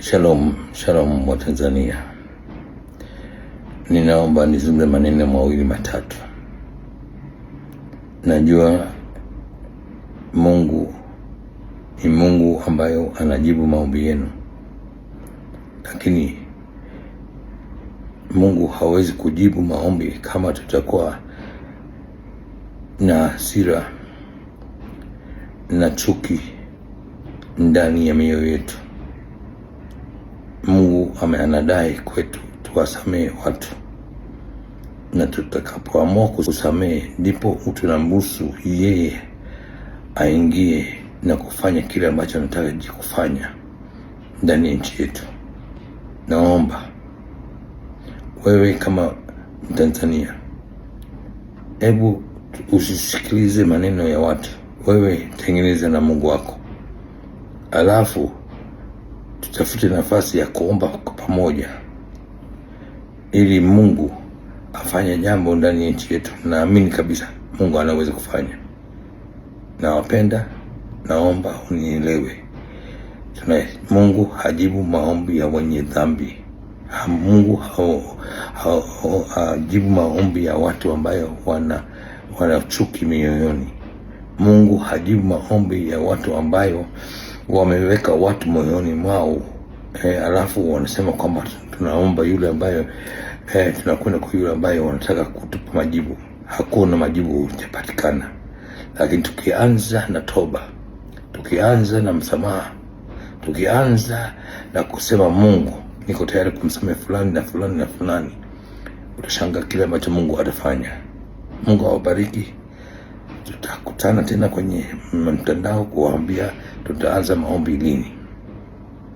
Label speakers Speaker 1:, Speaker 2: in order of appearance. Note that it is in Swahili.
Speaker 1: Shalom, shalom wa Tanzania. Ninaomba nizungumze maneno mawili matatu. Najua Mungu ni Mungu ambayo anajibu maombi yenu, lakini Mungu hawezi kujibu maombi kama tutakuwa na hasira na chuki ndani ya mioyo yetu anadai kwetu tuwasamehe watu, na tutakapoamua kusamehe, ndipo tunamruhusu yeye aingie na kufanya kile ambacho anataraji kufanya ndani ya nchi yetu. Naomba wewe kama Mtanzania, hebu usisikilize maneno ya watu, wewe tengeneza na Mungu wako alafu tutafute nafasi ya kuomba kwa pamoja ili Mungu afanye jambo ndani ya nchi yetu. Naamini kabisa Mungu anaweza kufanya. Nawapenda, naomba unielewe. Mungu hajibu maombi ya wenye dhambi. Mungu hao, hajibu maombi ya watu ambayo wana, wana chuki mioyoni. Mungu hajibu maombi ya watu ambayo wameweka watu moyoni mwao eh, alafu wanasema kwamba tunaomba yule ambayo eh, tunakwenda kwa yule ambayo wanataka kutupa majibu. Hakuna majibu hujapatikana, lakini tukianza na toba, tukianza na msamaha, tukianza na kusema Mungu, niko tayari kumsamehe fulani na fulani na fulani, utashangaa kile ambacho Mungu atafanya. Mungu awabariki. Tutakutana tena kwenye mtandao kuwaambia tutaanza maombi lini?